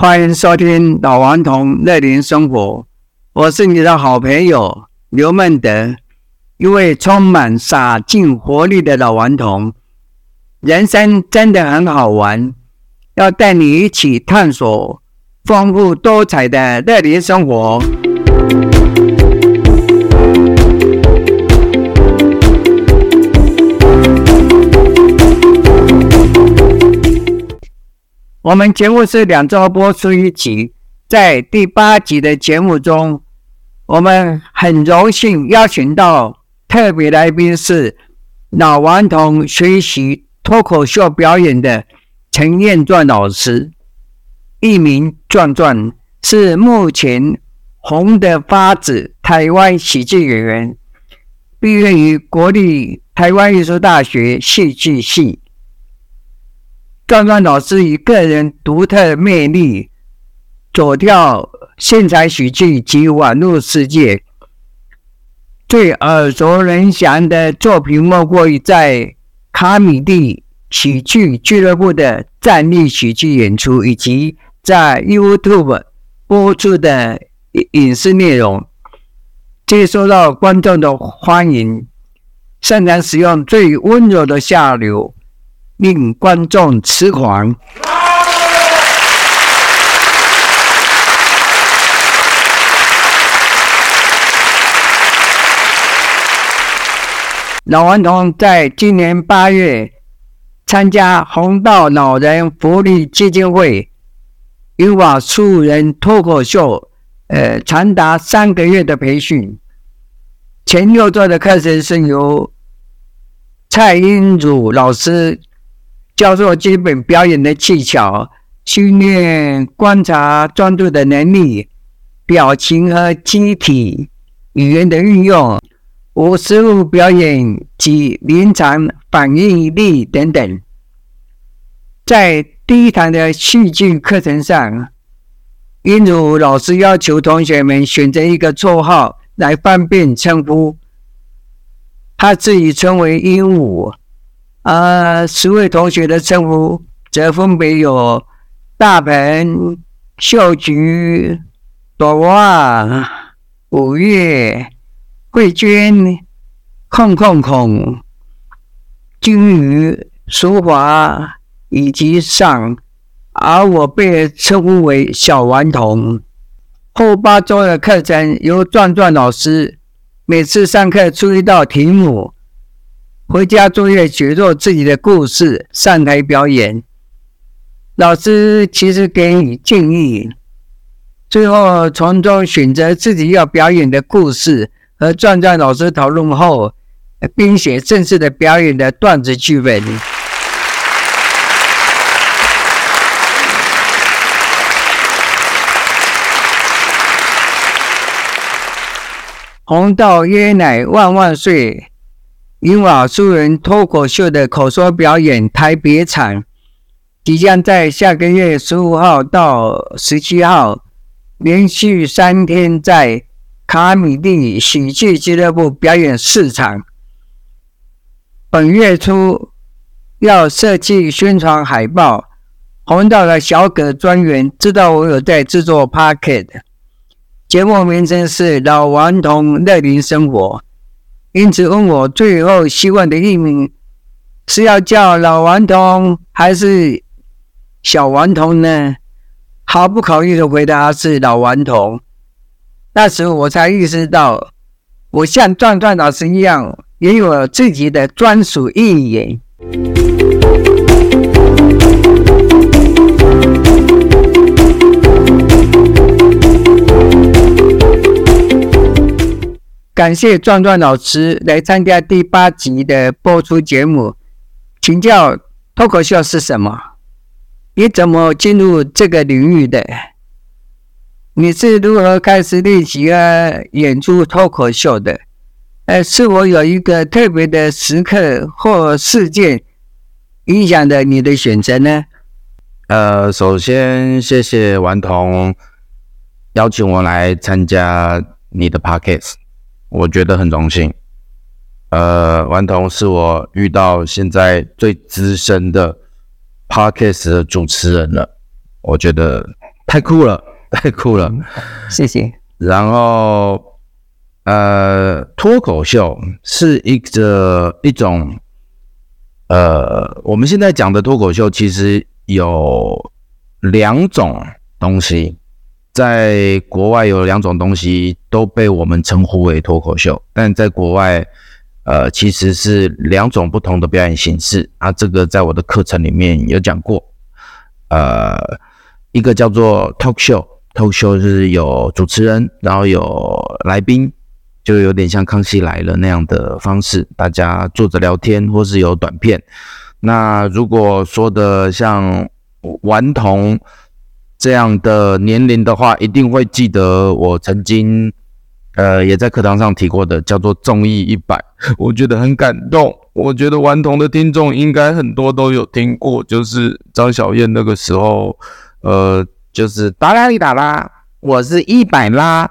歡迎收聽《老頑童樂齡生活》，我是你的好朋友劉孟德，一位充滿灑勁活力的老頑童。人生真的很好玩，要帶你一起探索豐富多彩的樂齡生活。我們節目是兩周播出一集，在第八集的節目中，我們很榮幸邀請到特別來賓是老頑童學習脫口秀表演的陳彥壯老師，藝名壯壯，是目前紅得發紫台灣喜劇演員，畢業於國立台灣藝術大學戲劇系。壯壯老師以個人獨特的魅力，走跳現場喜劇及網絡世界。最耳熟能詳的作品莫過於在卡米地喜劇俱樂部的站立喜劇演出，以及在 YouTube 播出的影視內容，接收到觀眾的歡迎。擅長使用最溫柔的下流。令觀眾痴狂。老頑童在今年八月參加弘道老人福利基金會銀髮素人脫口秀，呃，長達三個月的培訓。前六週的課程是由蔡英儒老師。教授基本表演的技巧，訓練觀察、專注的能力，表情和肢體語言的運用，無實物表演及臨場反應力等等。在第一堂的戲劇課程上，鸚鵡老師要求同學們選擇一個綽號來方便稱呼，他自己稱為鸚鵡。呃、啊，十位同學的稱呼則分別有大鵬、秀菊、朵花、五月、桂娟、空空空、金魚、淑華以及上。而我被稱呼為小頑童。後八周的課程由壯壯老師每次上課出一道題目。回家作業，寫作自己的故事，上台表演。老師其實給予建議，最後從中選擇自己要表演的故事，和壯壯老師討論後，編寫正式的表演的段子劇本。 紅豆椰奶萬萬歲！英瓦蘇人脫口秀的口說表演台北場，即將在下個月十五號到十七號連續三天在卡米蒂喜劇俱樂部表演四場。本月初要設計宣傳海報。紅島的小葛專員知道我有在制作 pocket。節目名稱是《老頑童樂齡生活》。因此，問我最後希望的藝名是要叫老頑童還是小頑童呢？毫不考慮的回答是老頑童。那時候我才意識到，我像壯壯老師一樣，也有自己的專屬意義。感謝壯壯老師來參加第八集的播出節目，請教脫口秀是什麼？你怎麼進入這個領域的？你是如何開始練習啊，演出脫口秀的？呃，是否有一個特別的時刻或事件影響著你的選擇呢？呃，首先謝謝頑童邀請我來參加你的 Podcast。我覺得很榮幸，呃，頑童是我遇到現在最資深的 Podcast 的主持人了，我覺得太酷了，太酷了，嗯、謝謝。然後，呃，脫口秀是一個一種，呃，我們現在講的脫口秀其實有兩種東西。在國外有兩種東西都被我們稱呼為脫口秀，但在國外，呃，其實是兩種不同的表演形式啊。這個在我的課程裡面有講過，呃，一個叫做 talk show，talk show 是有主持人，然後有來賓，就有點像《康熙來了》那樣的方式，大家坐着聊天，或是有短片。那如果說的像頑童。這樣的年齡的話，一定會記得我曾經，呃，也在課堂上提過的，叫做《綜藝一百》，我覺得很感動。我覺得頑童的聽眾應該很多都有聽過，就是張小燕那個時候，呃，就是達拉里達拉，我是一百啦。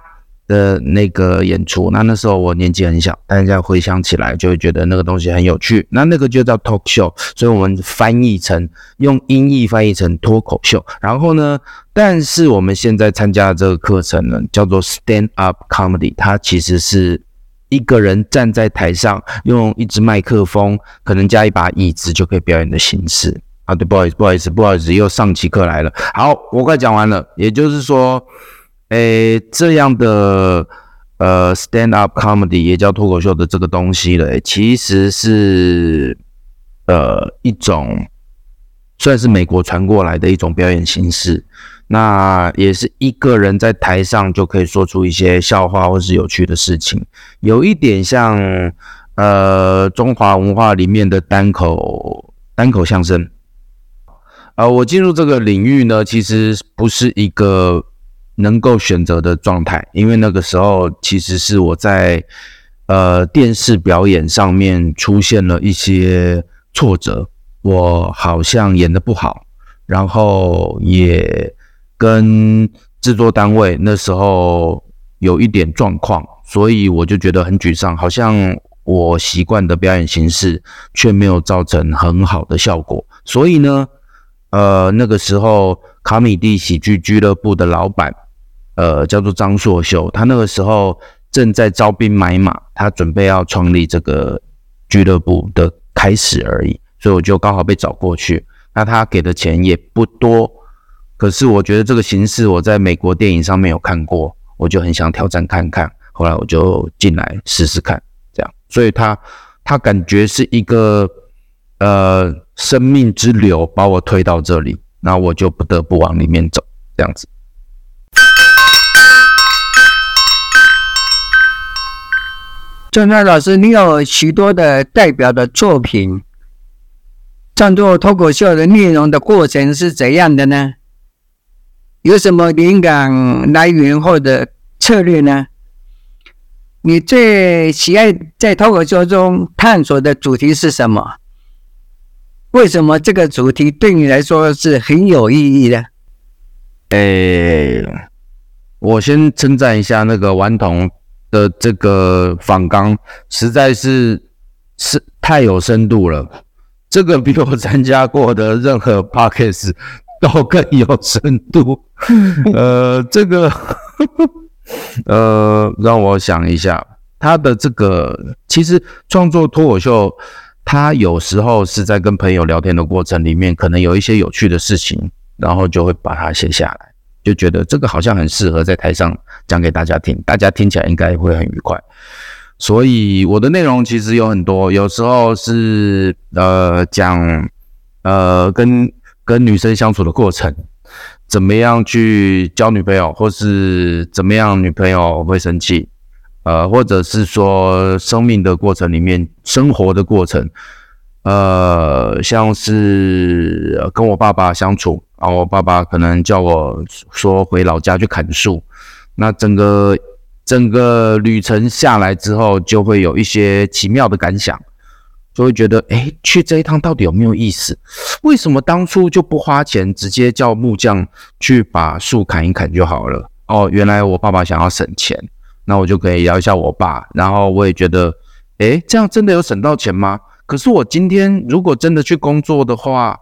的那個演出，那那時候我年紀很小，但現在回想起來就會覺得那個東西很有趣。那那個就叫 talk show，所以我們翻譯成用音譯翻譯成脫口秀。然後呢，但是我們現在參加的這個課程呢，叫做 Stand Up Comedy，它其實是一個人站在台上，用一支麥克風，可能加一把椅子就可以表演的形式啊。對，不好意思，不好意思，不好意思，又上起課來了。好，我快講完了，也就是說。誒，這樣的呃，stand up comedy 也叫脫口秀的這個東西嘞，其實是呃一種算是美國傳過來的一種表演形式。那也是一個人在台上就可以說出一些笑話或是有趣的事情，有一點像呃中華文化裡面的單口單口相聲。啊、呃，我進入這個領域呢，其實不是一個。能夠選擇的狀態，因為那個時候其實是我在呃電視表演上面出現了一些挫折，我好像演得不好，然後也跟製作單位那時候有一點狀況，所以我就覺得很沮喪，好像我習慣的表演形式卻沒有造成很好的效果，所以呢，呃，那個時候卡米地喜劇俱樂部的老闆。呃，叫做張碩修，他那個時候正在招兵買馬，他準備要創立這個俱樂部的開始而已，所以我就剛好被找過去。那他給的錢也不多，可是我覺得這個形式我在美國電影上面有看過，我就很想挑戰看看。後來我就進來試試看，這樣。所以他他感覺是一個呃生命之流把我推到這裡，那我就不得不往裡面走，這樣子。嗯、那老師，你有許多的代表的作品，創作脫口秀的內容的過程是怎樣的呢？有什麼靈感來源或者策略呢？你最喜愛在脫口秀中探索的主題是什麼？為什麼這個主題對你來說是很有意義的？哎、欸，我先稱讚一下那個頑童的這個訪談實在是是太有深度了，這個比我參加過的任何 Podcast 都更有深度。呃，這個 呃，讓我想一下，他的這個其實創作脫口秀，他有時候是在跟朋友聊天的過程裡面，可能有一些有趣的事情，然後就會把它寫下來。就覺得這個好像很適合在台上講給大家聽，大家聽起來應該會很愉快。所以我的內容其實有很多，有時候是呃講呃跟跟女生相處的過程，怎麼樣去交女朋友，或是怎麼樣女朋友會生氣，呃，或者是說生命的過程裡面，生活的過程。呃，像是跟我爸爸相處，然後，啊，我爸爸可能叫我說回老家去砍樹，那整個整個旅程下來之後，就會有一些奇妙的感想，就會覺得，哎，去這一趟到底有沒有意思？為什麼當初就不花錢，直接叫木匠去把樹砍一砍就好了？哦，原來我爸爸想要省錢，那我就可以聊一下我爸，然後我也覺得，哎，這樣真的有省到錢嗎？可是我今天如果真的去工作的話，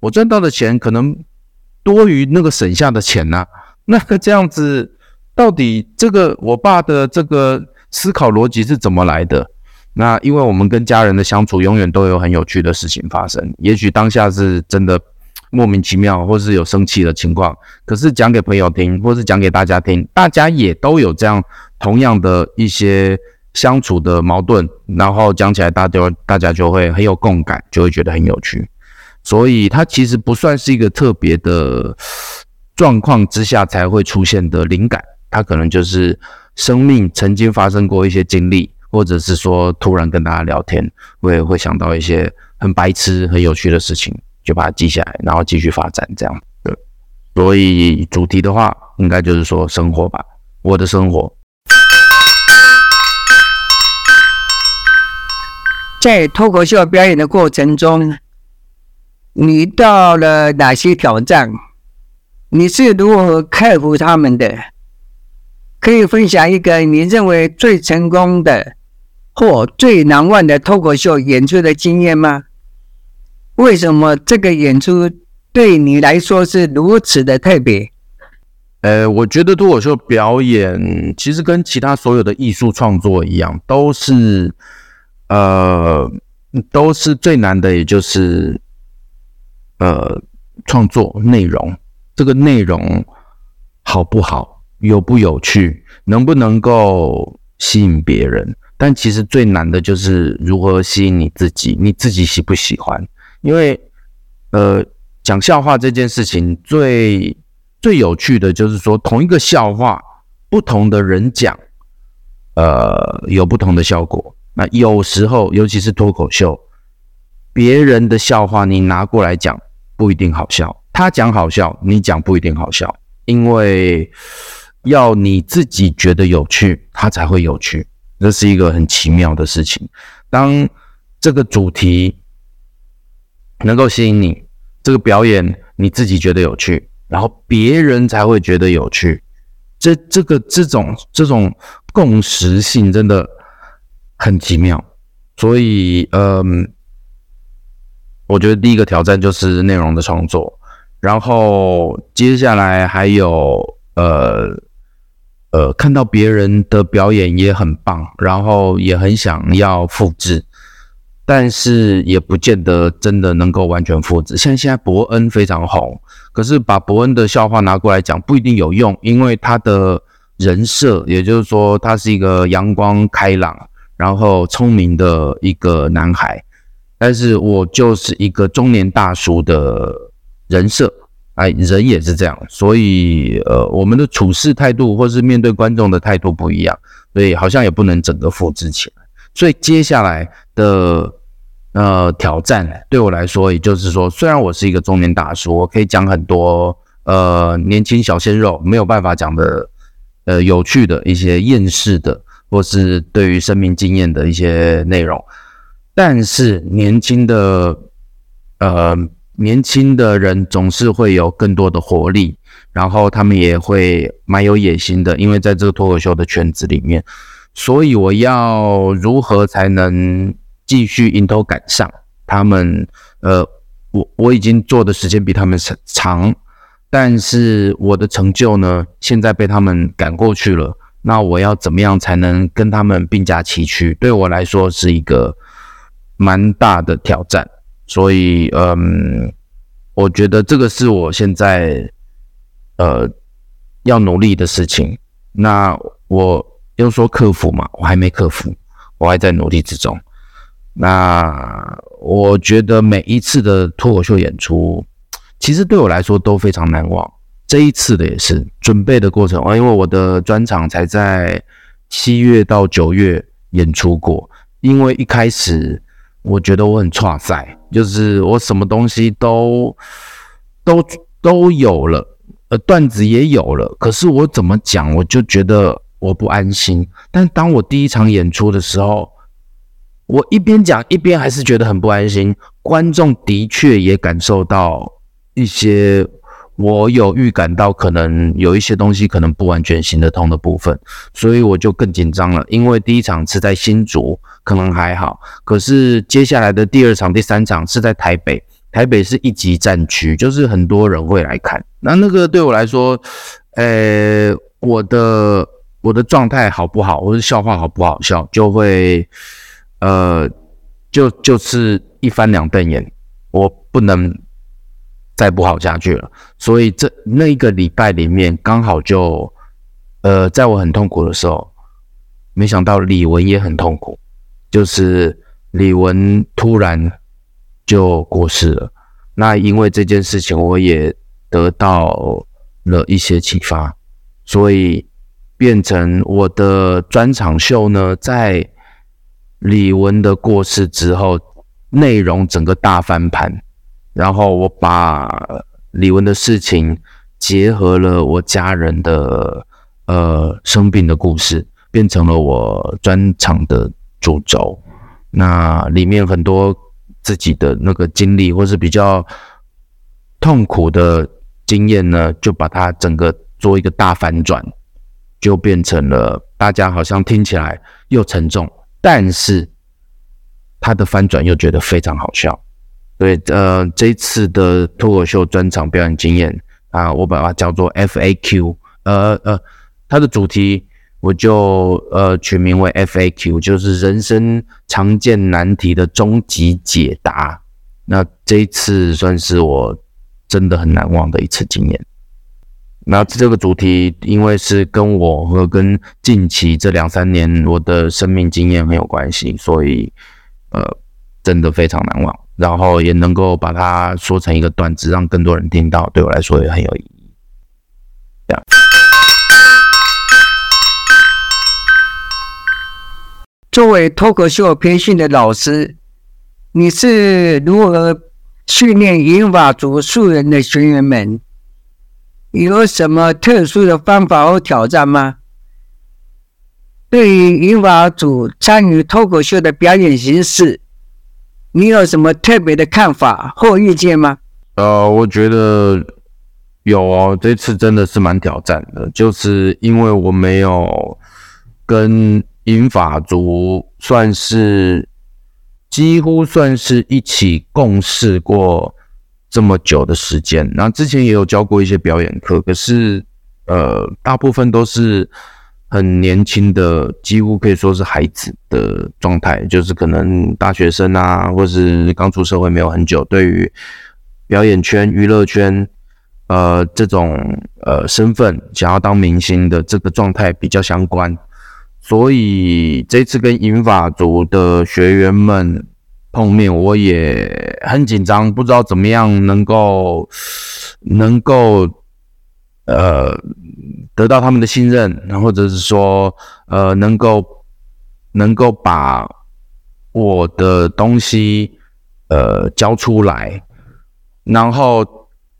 我賺到的錢可能多於那個省下的錢吶、啊。那個、這樣子，到底這個我爸的這個思考邏輯是怎麼來的？那因為我們跟家人的相處，永遠都有很有趣的事情發生。也許當下是真的莫名其妙，或是有生氣的情況。可是講給朋友聽，或是講給大家聽，大家也都有這樣同樣的一些。相處的矛盾，然後講起來大家大家就會很有共感，就會覺得很有趣。所以它其實不算是一個特別的狀況之下才會出現的靈感，它可能就是生命曾經發生過一些經歷，或者是說突然跟大家聊天，我也會想到一些很白痴、很有趣的事情，就把它記下來，然後繼續發展這樣。對，所以主題的話，應該就是說生活吧，我的生活。在脫口秀表演的過程中，你遇到了哪些挑戰？你是如何克服他們的？可以分享一個你認為最成功的或最難忘的脫口秀演出的經驗嗎？為什麼這個演出對你來說是如此的特別？呃，我覺得脫口秀表演其實跟其他所有的藝術創作一樣，都是。呃，都是最難的，也就是呃，創作內容。這個內容好不好，有不有趣，能不能夠吸引別人？但其實最難的就是如何吸引你自己，你自己喜不喜歡？因為呃，講笑話這件事情最最有趣的就是說，同一個笑話，不同的人講，呃，有不同的效果。那有時候，尤其是脫口秀，別人的笑話你拿過來講不一定好笑，他講好笑，你講不一定好笑。因為要你自己覺得有趣，他才會有趣。這是一個很奇妙的事情。當這個主題能夠吸引你，這個表演你自己覺得有趣，然後別人才會覺得有趣。這、這個、這種、這種共識性，真的。很奇妙，所以嗯，我覺得第一個挑戰就是內容的創作，然後接下來還有呃呃，看到別人的表演也很棒，然後也很想要複制，但是也不見得真的能夠完全複制。像現在博恩非常紅，可是把博恩的笑話拿過來講不一定有用，因為他的人設，也就是說他是一個陽光開朗。然後聰明的一個男孩，但是我就是一個中年大叔的人設，哎，人也是這樣，所以呃，我們的處事態度或是面對觀眾的態度不一樣，所以好像也不能整個複製起來。所以接下來的呃挑戰，對我來說，也就是說，雖然我是一個中年大叔，我可以講很多呃年輕小鮮肉沒有辦法講的，呃，有趣的一些厭世的。或是對於生命經驗的一些內容，但是年輕的呃年輕的人總是會有更多的活力，然後他們也會蠻有野心的，因為在這個脫口秀的圈子裡面，所以我要如何才能繼續迎頭趕上他們？呃，我我已經做的時間比他們長，但是我的成就呢，現在被他們趕過去了。那我要怎麼樣才能跟他們並駕齊驅？對我來說是一個蠻大的挑戰，所以嗯，我覺得這個是我現在呃要努力的事情。那我用說克服嘛，我還沒克服，我還在努力之中。那我覺得每一次的脫口秀演出，其實對我來說都非常難忘。這一次的也是準備的過程，哦，因為我的專場才在七月到九月演出過。因為一開始我覺得我很剉賽就是我什麼東西都都都有了，呃，段子也有了，可是我怎麼講，我就覺得我不安心。但當我第一場演出的時候，我一邊講一邊還是覺得很不安心，觀眾的確也感受到一些。我有預感到可能有一些東西可能不完全行得通的部分，所以我就更緊張了。因為第一場是在新竹，可能還好；可是接下來的第二場、第三場是在台北，台北是一級戰區，就是很多人會來看。那那個對我來說，呃，我的我的狀態好不好，我的笑話好不好笑，就會呃，就就是一翻兩瞪眼，我不能。再不好下去了，所以這那一個禮拜裡面，剛好就，呃，在我很痛苦的時候，沒想到李玟也很痛苦，就是李玟突然就過世了。那因為這件事情，我也得到了一些啟發，所以變成我的專場秀呢，在李玟的過世之後，內容整個大翻盤。然後我把李玟的事情結合了我家人的呃生病的故事，變成了我專場的主軸。那裡面很多自己的那個經歷，或是比較痛苦的經驗呢，就把它整個做一個大反轉，就變成了大家好像聽起來又沉重，但是它的反轉又覺得非常好笑。對，呃，這一次的脫口秀專場表演經驗啊，呃，我把它叫做 F A Q，呃呃，它的主題我就呃取名為 F A Q，就是人生常見難題的終極解答。那這一次算是我真的很難忘的一次經驗。那這個主題因為是跟我和跟近期這兩三年我的生命經驗很有關係，所以呃，真的非常難忘。然後也能夠把它說成一個段子，讓更多人聽到，對我來說也很有意義。這樣。作為脫口秀培訓的老師，你是如何訓練銀髮族素人的學員們？有什麼特殊的方法和挑戰嗎？對於銀髮族參與脫口秀的表演形式，你有什麼特別的看法或意見嗎？呃，我覺得有哦，這次真的是蠻挑戰的，就是因為我沒有跟銀髮族算是幾乎算是一起共事過這麼久的時間，然後之前也有教過一些表演課，可是呃，大部分都是。很年輕的，幾乎可以說是孩子的狀態，就是可能大學生啊，或是剛出社會沒有很久，對於表演圈、娛樂圈，呃，這種呃身份，想要當明星的這個狀態比較相關。所以這次跟銀髮族的學員們碰面，我也很緊張，不知道怎麼樣能夠能夠。呃，得到他們的信任，然後或者是說，呃，能夠，能夠把我的東西，呃，交出來，然後，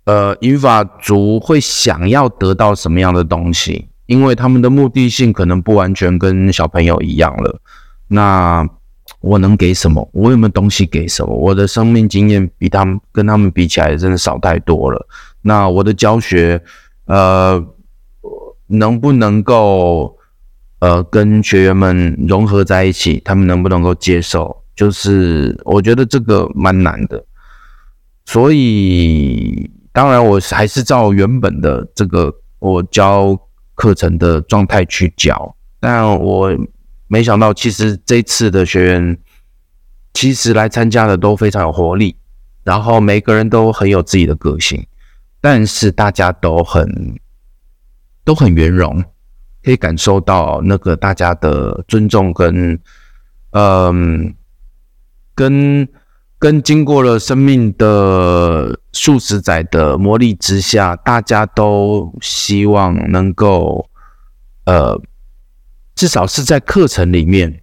呃，銀髮族會想要得到什麼樣的東西？因為他們的目的性可能不完全跟小朋友一樣了。那我能給什麼？我有沒有東西給什麼？我的生命經驗比他們跟他們比起來真的少太多了。那我的教學。呃，能不能夠呃跟學員們融合在一起？他們能不能夠接受？就是我覺得這個蠻難的，所以當然我還是照原本的這個我教課程的狀態去教，但我沒想到，其實這次的學員其實來參加的都非常有活力，然後每個人都很有自己的個性。但是大家都很都很圓融，可以感受到那個大家的尊重跟，嗯、呃、跟跟經過了生命的數十載的磨礪之下，大家都希望能夠呃至少是在課程裡面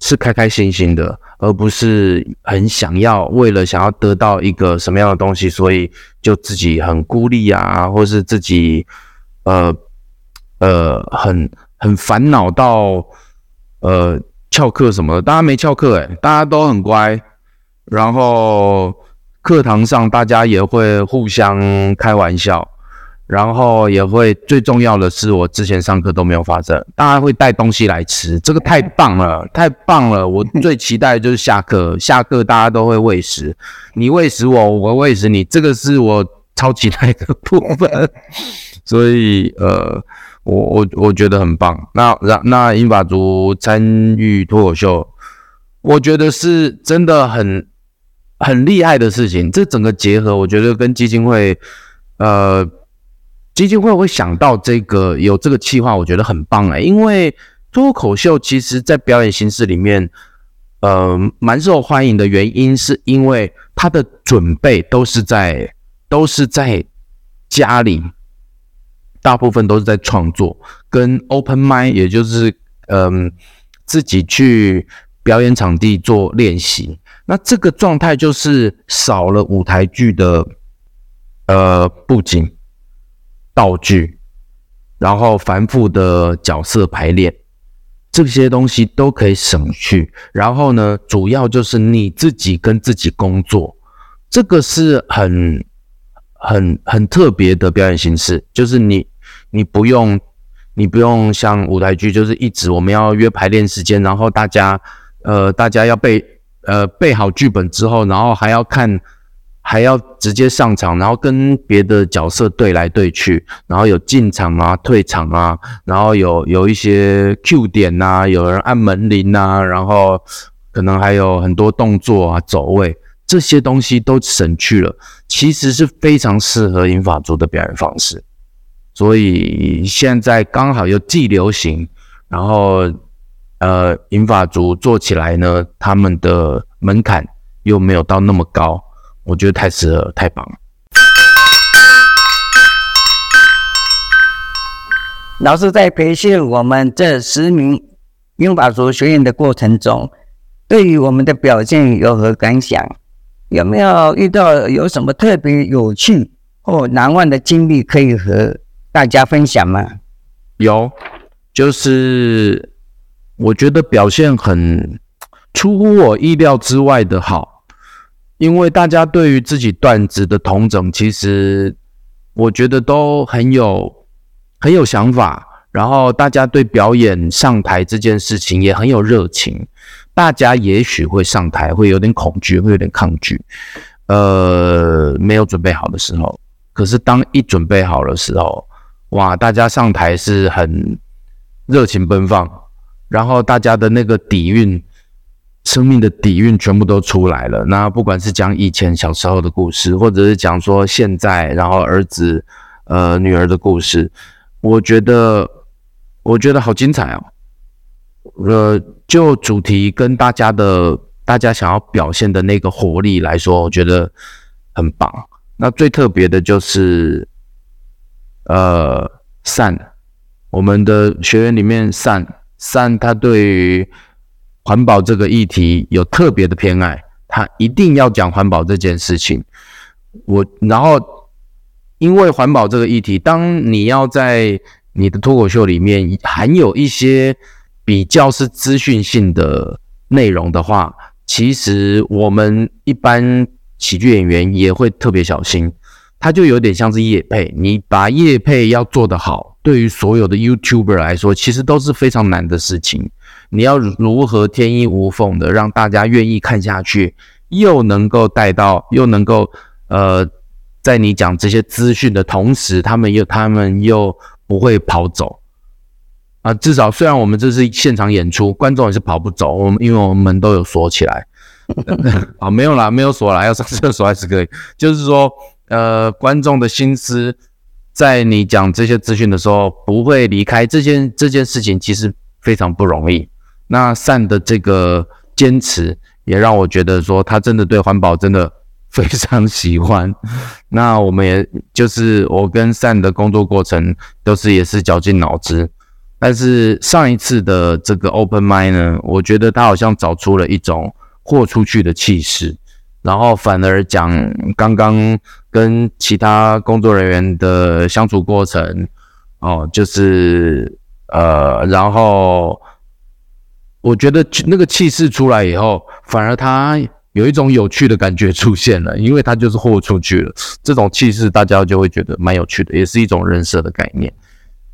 是開開心心的，而不是很想要為了想要得到一個什麼樣的東西，所以就自己很孤立啊，或是自己呃呃很很煩惱到呃翹課什麼的。大家沒翹課欸，大家都很乖。然後課堂上大家也會互相開玩笑。然後也會最重要的是，我之前上課都沒有發生，大家會帶東西來吃，這個太棒了，太棒了！我最期待的就是下課，下課大家都會餵食，你餵食我，我餵食你，這個是我超期待的部分。所以呃，我我我覺得很棒。那那那銀髮族參與脫口秀，我覺得是真的很很厲害的事情。這整個結合，我覺得跟基金會呃。基金會我會想到這個有這個計劃，我覺得很棒誒、欸，因為脫口秀其實在表演形式裡面，呃，蠻受歡迎的原因，是因為他的準備都是在都是在家裡，大部分都是在創作，跟 open mic，也就是嗯、呃，自己去表演場地做練習。那這個狀態就是少了舞台劇的呃布景。道具、然後繁複的角色排練，這些東西都可以省去。然後呢，主要就是你自己跟自己工作，這個是很很很特別的表演形式，就是你你不用你不用像舞台劇，就是一直我們要約排練時間，然後大家呃大家要背呃背好劇本之後，然後還要看。還要直接上場，然後跟別的角色對來對去，然後有進場啊、退場啊，然後有有一些 Q 點啊，有人按門鈴啊，然後可能還有很多動作啊、走位，這些東西都省去了，其實是非常適合銀髮族的表演方式。所以現在剛好又既流行，然後呃，銀髮族做起來呢，他們的門檻又沒有到那麼高。我覺得太適合，太棒了。老師在培訓我們這十名銀髮族學員的過程中，對於我們的表現有何感想？有沒有遇到有什麼特別有趣或難忘的經歷可以和大家分享嗎？有，就是我覺得表現很出乎我意料之外的好。因為大家對於自己段子的統整，其實我覺得都很有很有想法，然後大家對表演上台這件事情也很有熱情。大家也許會上台，會有點恐懼，會有點抗拒，呃，沒有準備好的時候。可是當一準備好的時候，哇，大家上台是很熱情奔放，然後大家的那個底蘊。生命的底蘊全部都出來了。那不管是講以前小時候的故事，或者是講說現在，然後兒子、呃女兒的故事，我覺得我覺得好精彩哦。呃，就主題跟大家的大家想要表現的那個活力來說，我覺得很棒。那最特別的就是，呃，善，我們的學員裡面善善，他對於。環保這個議題有特別的偏愛，他一定要講環保這件事情。我然後因為環保這個議題，當你要在你的脫口秀裡面含有一些比較是資訊性的內容的話，其實我們一般喜劇演員也會特別小心。他就有點像是業配，你把業配要做得好，對於所有的 YouTuber 來說，其實都是非常難的事情。你要如何天衣無縫的讓大家願意看下去，又能夠帶到，又能夠呃，在你講這些資訊的同時，他們又他們又不會跑走啊、呃。至少雖然我們這是現場演出，觀眾也是跑不走。我們因為我們門都有鎖起來啊、 哦，沒有啦，沒有鎖啦，要上廁所還是可以。 就是說，呃，觀眾的心思在你講這些資訊的時候不會離開，這件這件事情其實非常不容易。那善的這個堅持，也讓我覺得說他真的對環保真的非常喜歡。那我們也就是我跟善的工作過程，都是也是絞盡腦汁。但是上一次的這個 open mic 呢，我覺得他好像找出了一種豁出去的氣勢，然後反而講剛剛跟其他工作人員的相處過程，哦，就是呃，然後。我覺得那個氣勢出來以後，反而他有一種有趣的感覺出現了，因為他就是豁出去了，這種氣勢大家就會覺得蠻有趣的，也是一種人設的概念，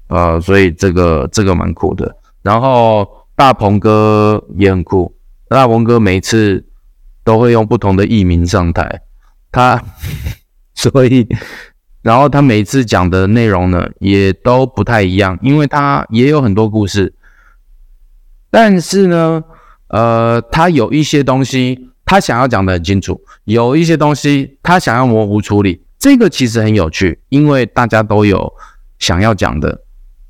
呃，所以這個這個蠻酷的。然後大鵬哥也很酷，大鵬哥每次都會用不同的藝名上台，他 所以，然後他每次講的內容呢也都不太一樣，因為他也有很多故事。但是呢，呃，他有一些東西他想要講得很清楚，有一些東西他想要模糊處理，這個其實很有趣，因為大家都有想要講的，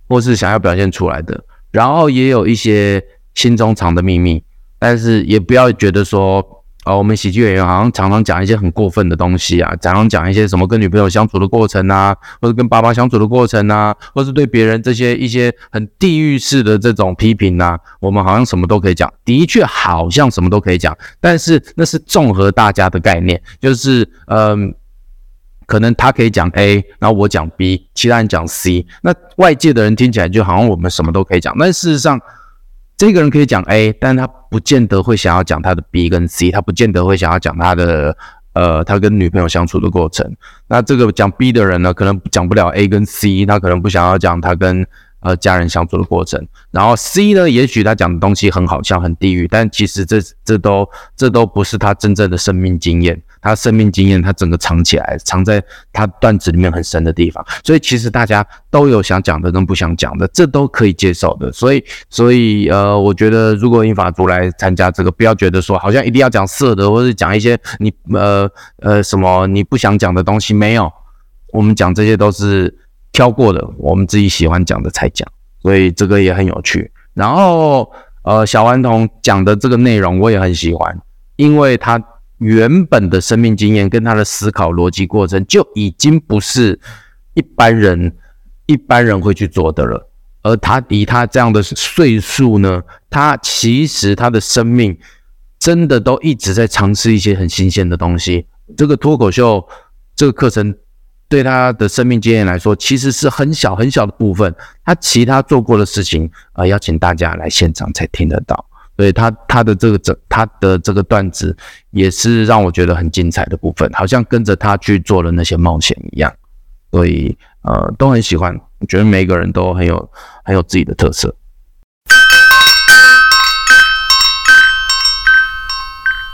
或是想要表現出來的，然後也有一些心中藏的秘密，但是也不要覺得說。啊、哦，我們喜劇演員好像常常講一些很過分的東西啊，常常講一些什麼跟女朋友相處的過程啊，或是跟爸爸相處的過程啊，或是對別人這些一些很地獄式的這種批評啊，我們好像什麼都可以講，的確好像什麼都可以講，但是那是綜合大家的概念，就是嗯、呃，可能他可以講 A，然後我講 B，其他人講 C，那外界的人聽起來就好像我們什麼都可以講，但事實上。這個人可以講 A，但他不見得會想要講他的 B 跟 C，他不見得會想要講他的呃，他跟女朋友相處的過程。那這個講 B 的人呢，可能講不了 A 跟 C，他可能不想要講他跟呃家人相處的過程。然後 C 呢，也許他講的東西很好笑，很地獄，但其實這這都這都不是他真正的生命經驗。他生命經驗，他整個藏起來，藏在他段子裡面很深的地方。所以其實大家都有想講的跟不想講的，這都可以接受的。所以，所以呃，我覺得如果銀髮族來參加這個，不要覺得說好像一定要講色的，或是講一些你呃呃什麼你不想講的東西。沒有，我們講這些都是挑過的，我們自己喜歡講的才講。所以這個也很有趣。然後呃，小頑童講的這個內容我也很喜歡，因為他。原本的生命經驗跟他的思考邏輯過程就已經不是一般人，一般人會去做的了，而他以他這樣的歲數呢，他其實他的生命真的都一直在嘗試一些很新鮮的東西。這個脫口秀這個課程對他的生命經驗來說，其實是很小很小的部分。他其他做過的事情啊，邀請大家來現場才聽得到。所以他，他的這個整，他的這個段子，也是讓我覺得很精彩的部分，好像跟着他去做了那些冒險一樣。所以，呃，都很喜歡，覺得每個人都很有，很有自己的特色。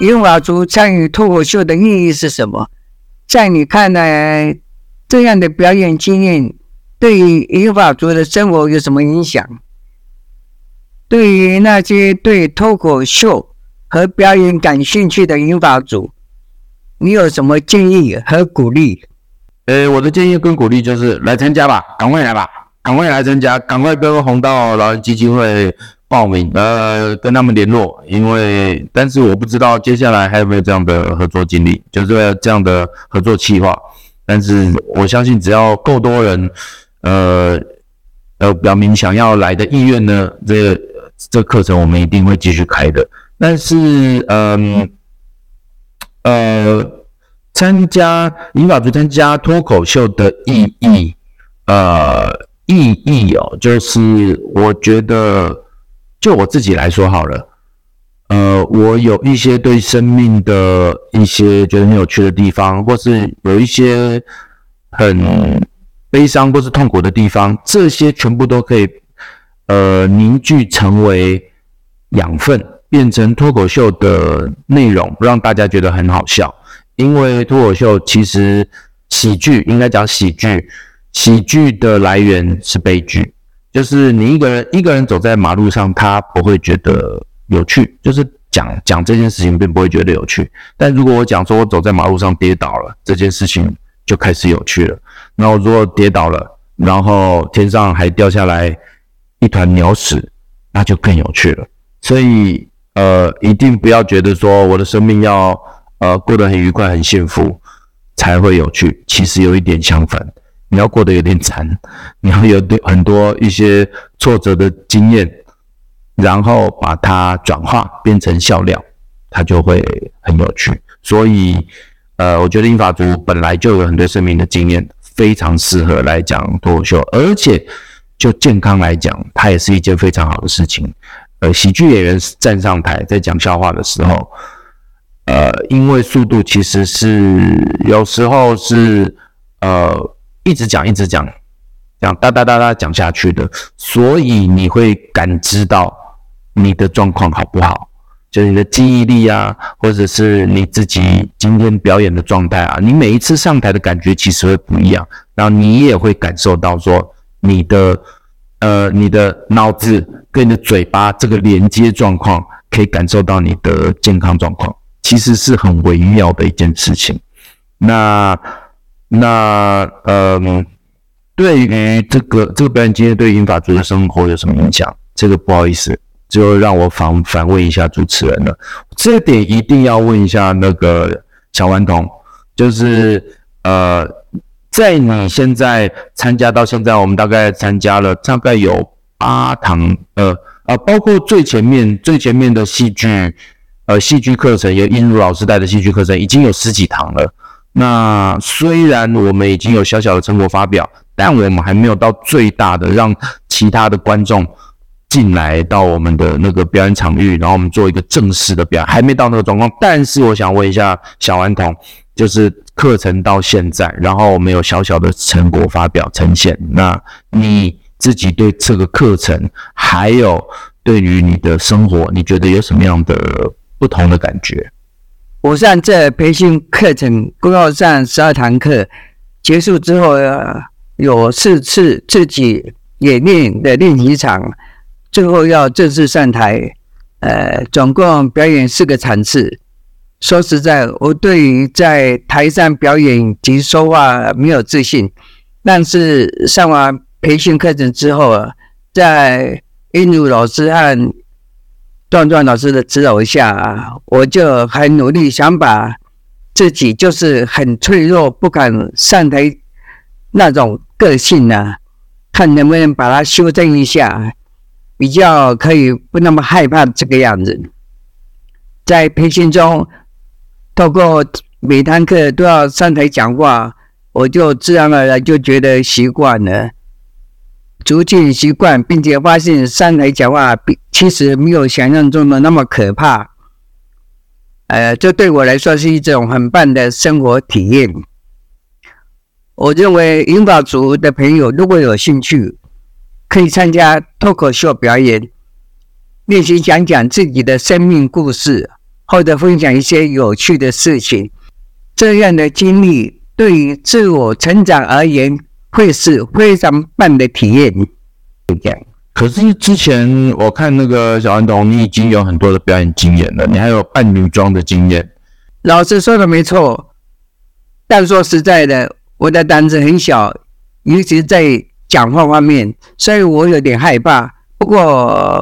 銀髮族參與脫口秀的意義是什麼？在你看來，這樣的表演經驗對於銀髮族的生活有什麼影響？對於那些對脫口秀和表演感興趣的銀髮族，你有什麼建議和鼓勵？呃，我的建議跟鼓勵就是來參加吧，趕快來吧，趕快來參加，趕快跟弘道老人基金會報名，呃，跟他們聯絡。因為，但是我不知道接下來還有沒有這樣的合作經歷，就是這樣的合作計劃。但是我相信，只要夠多人，呃，呃，表明想要來的意願呢，這個。這課程我們一定會繼續開的，但是嗯、呃，參加民法，去參加脫口秀的意義，呃，意義哦，就是我覺得就我自己來說好了，呃，我有一些對生命的一些覺得很有趣的地方，或是有一些很悲傷或是痛苦的地方，這些全部都可以。呃，凝聚成為養分，變成脫口秀的內容，不讓大家覺得很好笑。因為脫口秀其實喜劇，應該講喜劇，喜劇的來源是悲劇，就是你一個人一個人走在馬路上，他不會覺得有趣，就是講講這件事情並不會覺得有趣。但如果我講說我走在馬路上跌倒了，這件事情就開始有趣了。那我如果跌倒了，然後天上還掉下來，一團鳥屎，那就更有趣了。所以，呃，一定不要覺得說我的生命要呃過得很愉快，很幸福才會有趣。其實有一點相反，你要過得有點慘，你要有很多一些挫折的經驗，然後把它轉化變成笑料，它就會很有趣。所以，呃，我覺得銀髮族本來就有很多生命的經驗，非常適合來講脫口秀，而且。就健康來講，它也是一件非常好的事情。呃，喜劇演員站上台在講笑話的時候，呃，因為速度其實是有時候是呃一直講一直講，講噠噠噠噠講下去的，所以你會感知到你的狀況好不好，就你的記憶力啊，或者是你自己今天表演的狀態啊，你每一次上台的感覺其實會不一樣，然後你也會感受到說。你的呃，你的腦子跟你的嘴巴這個連接狀況，可以感受到你的健康狀況，其實是很微妙的一件事情。那那呃，對於這個這個表演經驗對於銀髮族的生活有什麼影響？這個不好意思，就讓我反反問一下主持人了。這一點一定要問一下那個老頑童，就是呃。在你現在參加到現在，我們大概參加了大概有八堂，呃，啊，包括最前面最前面的戲劇，呃，戲劇課程，有英茹老師帶的戲劇課程已經有十幾堂了。那雖然我們已經有小小的成果發表，但我們還沒有到最大的讓其他的觀眾進來到我們的那個表演場域，然後我們做一個正式的表演，還沒到那個狀況。但是我想問一下小頑童，就是。課程到現在，然後我們有小小的成果發表呈現。那你自己對這個課程，還有對於你的生活，你覺得有什麼樣的不同的感覺？我上這培訓課程，共要上十二堂課，結束之後要、啊、有四次自己演練的練習場，最後要正式上台，呃，總共表演四個場次。說實在，我對於在台上表演及說話沒有自信。但是上完培訓課程之後，在英如老師和壯壯老師的指導下，我就很努力想把自己就是很脆弱、不敢上台那種個性呢、啊，看能不能把它修正一下，比較可以不那麼害怕這個樣子。在培訓中。透過每堂課都要上台講話，我就自然而然就覺得習慣了，逐漸習慣，並且發現上台講話並其實沒有想象中的那麼可怕。呃，這對我來說是一種很棒的生活體驗。我認為銀髮族的朋友如果有興趣，可以參加脫口秀表演，練習講講自己的生命故事。或者分享一些有趣的事情，這樣的經歷對於自我成長而言，會是非常棒的體驗。這樣，可是之前我看那個小頑童，你已經有很多的表演經驗了，你還有扮女裝的經驗。老師說的沒錯，但說實在的，我的膽子很小，尤其在講話方面，所以我有點害怕。不過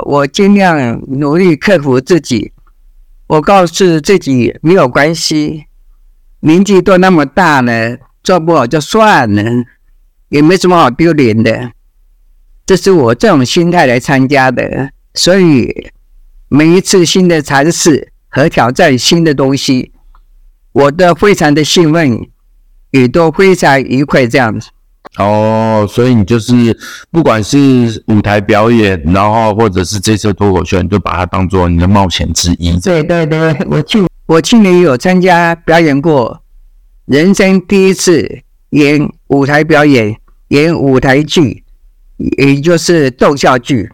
我儘量努力克服自己。我告訴自己沒有關係，年紀都那麼大了，做不好就算了，也沒什麼好丟臉的。這是我這種心態來參加的，所以每一次新的嘗試和挑戰新的東西，我都非常的興奮，也都非常愉快這樣子。哦、oh,，所以你就是不管是舞台表演，然後或者是這次脫口秀，你就把它當做你的冒險之一。對對對，我去我去年有參加表演過，人生第一次演舞台表演，嗯、演舞台劇，也就是逗笑劇。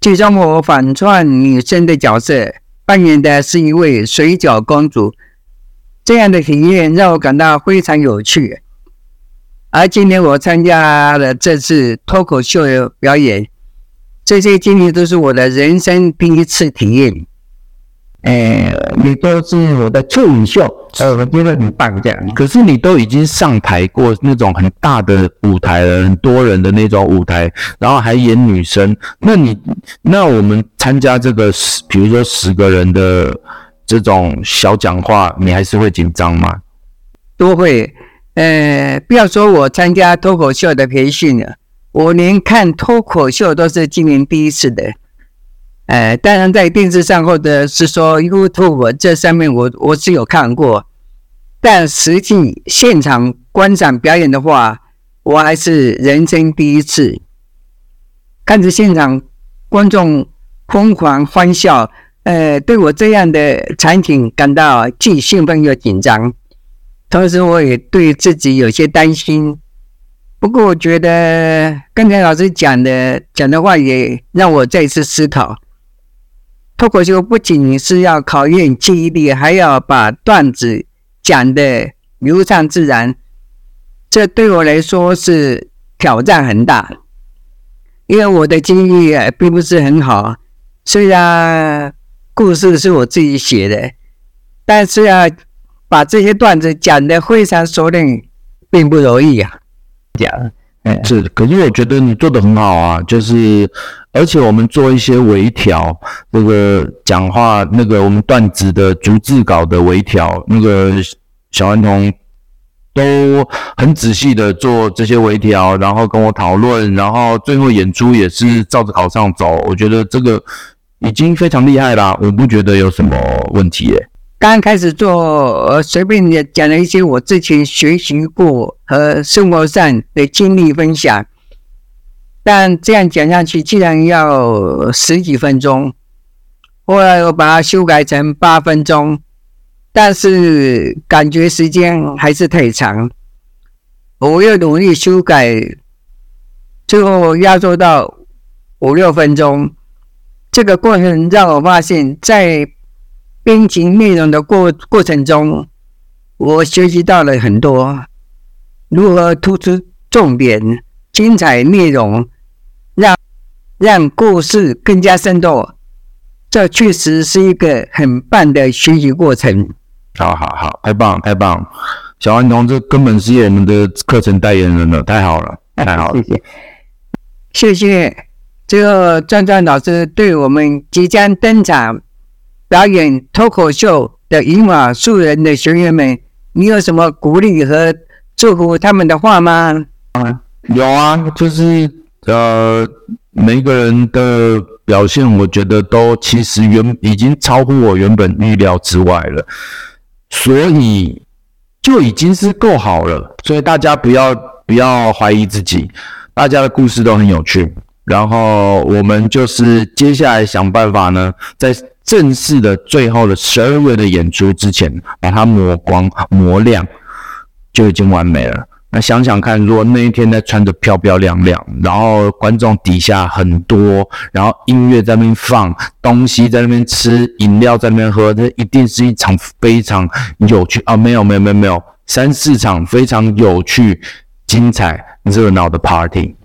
其中我反串女生的角色，扮演的是一位水餃公主，這樣的體驗讓我感到非常有趣。而今天我參加了這次脫口秀表演，這些經歷都是我的人生第一次體驗。哎、嗯，你都是我的處女秀，呃，我覺得很棒，這樣。可是你都已經上台過那種很大的舞台了，嗯、很多人的那種舞台，然後還演女生，那你那我們參加這個，比如說十個人的這種小講話，你還是會緊張嗎？都會。呃，不要說我參加脫口秀的培訓了，我連看脫口秀都是今年第一次的。呃，當然在電視上或者是說 YouTube 這上面我，我我是有看過，但實際現場觀賞表演的話，我還是人生第一次。看着現場觀眾瘋狂歡笑，呃，對我這樣的場景感到既興奮又緊張。同時，我也對自己有些擔心。不過，我覺得剛才老師講的講的話也讓我再一次思考：脫口秀不僅是要考驗記憶力，還要把段子講得流暢自然。這對我來說是挑戰很大，因為我的記憶力並不是很好。雖然故事是我自己寫的，但是啊。把這些段子講得非常熟練，並不容易呀。講，是，可是我覺得你做得很好啊，就是，而且我們做一些微調，那、這個講話，那個我們段子的逐字稿的微調，那個小頑童都很仔細的做這些微調，然後跟我討論，然後最後演出也是照着稿上走、嗯，我覺得這個已經非常厲害了，我不覺得有什麼問題耶、欸。剛開始做，隨便也講了一些我之前學習過和生活上的經歷分享，但這樣講下去，竟然要十幾分鐘。後來我把它修改成八分鐘，但是感覺時間還是太長。我又努力修改，最後壓縮到五六分鐘。這個過程讓我發現，在編輯內容的過過程中，我學習到了很多，如何突出重點、精彩內容，讓讓故事更加生動。這確實是一個很棒的學習過程。好好好，太棒太棒！小安同志根本是我們的課程代言人了，太好了，太好了，啊，謝謝，謝謝。最後，壯壯老師對我們即將登場表演脫口秀的銀髮素人的學員們，你有什麼鼓勵和祝福他們的話嗎？啊、嗯，有啊，就是呃，每個人的表現，我覺得都其實原已經超乎我原本預料之外了，所以就已經是夠好了。所以大家不要不要懷疑自己，大家的故事都很有趣。然後我們就是接下來想辦法呢，在。正式的最後的十二位的演出之前，把、哎、它磨光磨亮，就已經完美了。那想想看，如果那一天呢，穿的漂漂亮亮，然後觀眾底下很多，然後音樂在那邊放，東西在那邊吃，飲料在那邊喝，這一定是一場非常有趣啊！沒有沒有沒有沒有，三四場非常有趣、精彩、熱、這、鬧、個、的 party。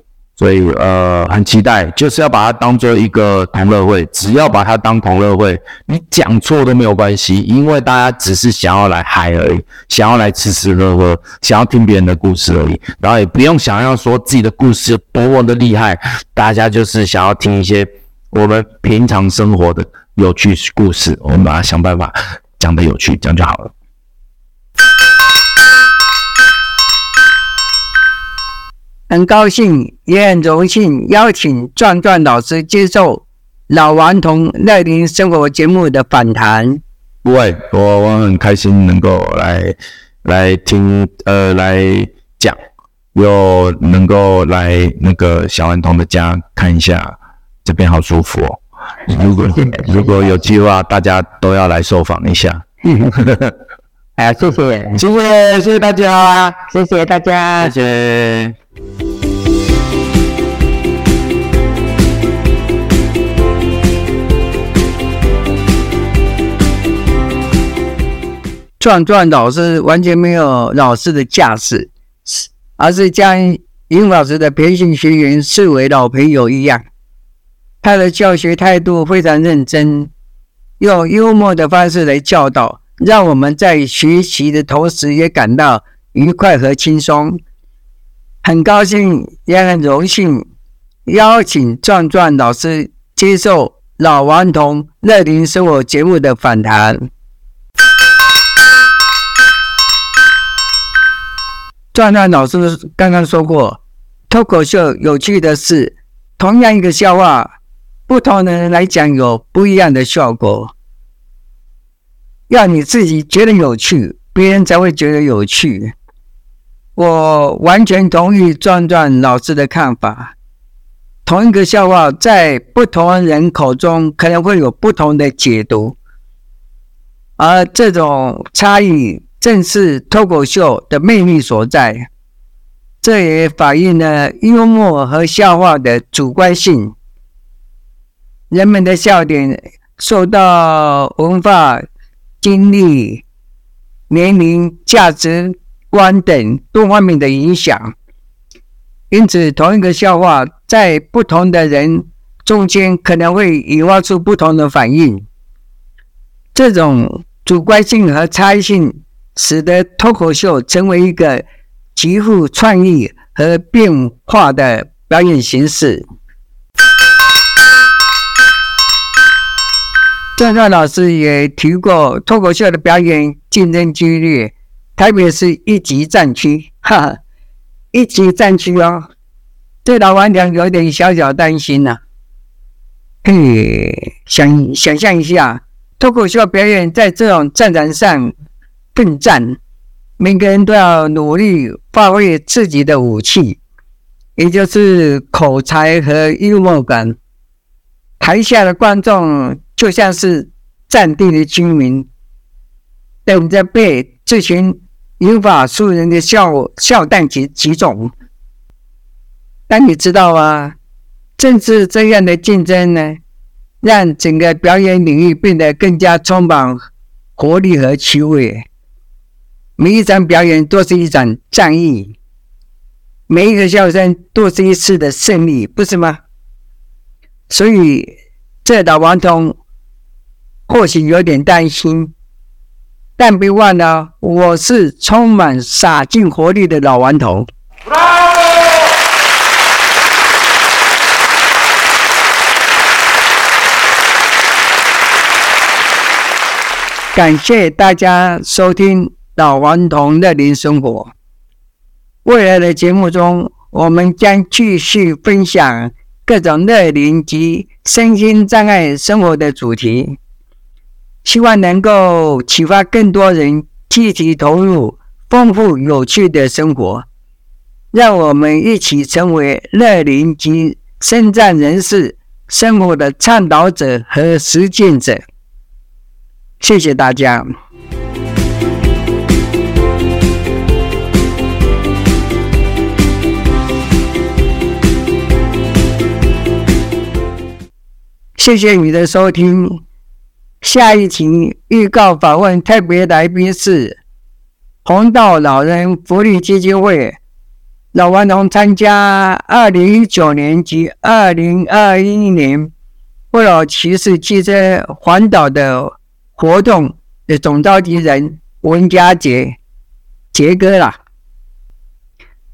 所以，呃，很期待，就是要把它當做一個同樂會，只要把它當同樂會，你講錯都沒有關係，因為大家只是想要來嗨而已，想要來吃吃喝喝，想要聽別人的故事而已，然後也不用想要說自己的故事有多麼的厲害，大家就是想要聽一些我們平常生活的有趣故事，我們把它想辦法講得有趣，講就好了。很高興，也很榮幸邀請壯壯老師接受《老頑童樂齡生活》節目的訪談。喂，我我很開心能夠來來聽，呃，來講，又能夠來那個小頑童的家看一下，這邊好舒服哦。如果 如果有機會，大家都要來受訪一下。啊、 哎，謝謝，謝謝，謝謝大家啊，謝謝大家，謝謝。壯壯老師完全沒有老師的架勢，而是將銀髮族的培訓學員視為老朋友一樣。他的教學態度非常認真，用幽默的方式來教導，讓我們在學習的同時也感到愉快和輕鬆。很高興，也很榮幸邀請壯壯老師接受《老頑童樂齡生活》節目的訪談。壯壯老師剛剛說過，脫口秀有趣的是，同樣一個笑話，不同的人來講有不一樣的效果。要你自己覺得有趣，別人才會覺得有趣。我完全同意壯壯老師的看法。同一個笑話在不同人口中可能會有不同的解讀，而這種差異，正是脫口秀的魅力所在，這也反映了幽默和笑話的主觀性。人們的笑點受到文化、經歷、年齡、價值觀等多方面的影響，因此同一個笑話在不同的人中間可能會引發出不同的反應。這種主觀性和差異性。使得脫口秀成為一個極富創意和變化的表演形式。壯壯老師也提過，脫口秀的表演競爭激烈，特別是一級戰區，哈，哈，一級戰區哦，對老頑童有點小小擔心吶、啊。嘿，想想象一下，脫口秀表演在這種戰場上。更讚，每個人都要努力發揮自己的武器，也就是口才和幽默感。台下的觀眾就像是戰地的軍民，等着被這群銀髮素人的笑笑彈給擊中。但你知道嗎？正是這樣的競爭呢，讓整個表演領域變得更加充滿活力和趣味。每一場表演都是一場戰役，每一個笑聲都是一次的勝利，不是嗎？所以這老頑童或許有點擔心，但別忘了，我是充滿灑進活力的老頑童。Braille! 感謝大家收聽。老頑童樂齡生活。未來的節目中，我們將繼續分享各種樂齡及身心障礙生活的主題，希望能夠啟發更多人積極投入豐富有趣的生活。讓我們一起成為樂齡及身障人士生活的倡導者和實踐者。謝謝大家。謝謝你的收聽。下一集預告：訪問特別來賓是弘道老人福利基金會老頑童，參加二零一九年及二零二一年不老騎士騎車環島的活動的總召集人文佳杰杰哥啦。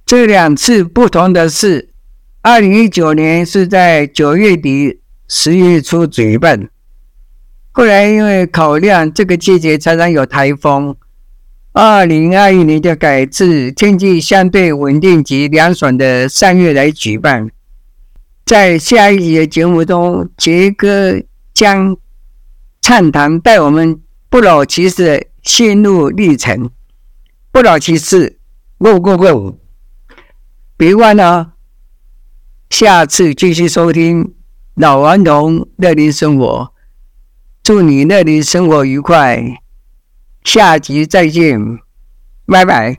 這兩次不同的是，二零一九年是在九月底。十月初舉辦，後來因為考量這個季節常常有台風，二零二一年就改至天氣相對穩定及涼爽的三月來舉辦。在下一節節目中，杰哥將暢談帶我們不老騎士的心路歷程。不老騎士，go go go。別忘了下次繼續收聽。老頑童那裡生活，祝你那裡生活愉快。下集再見，拜拜。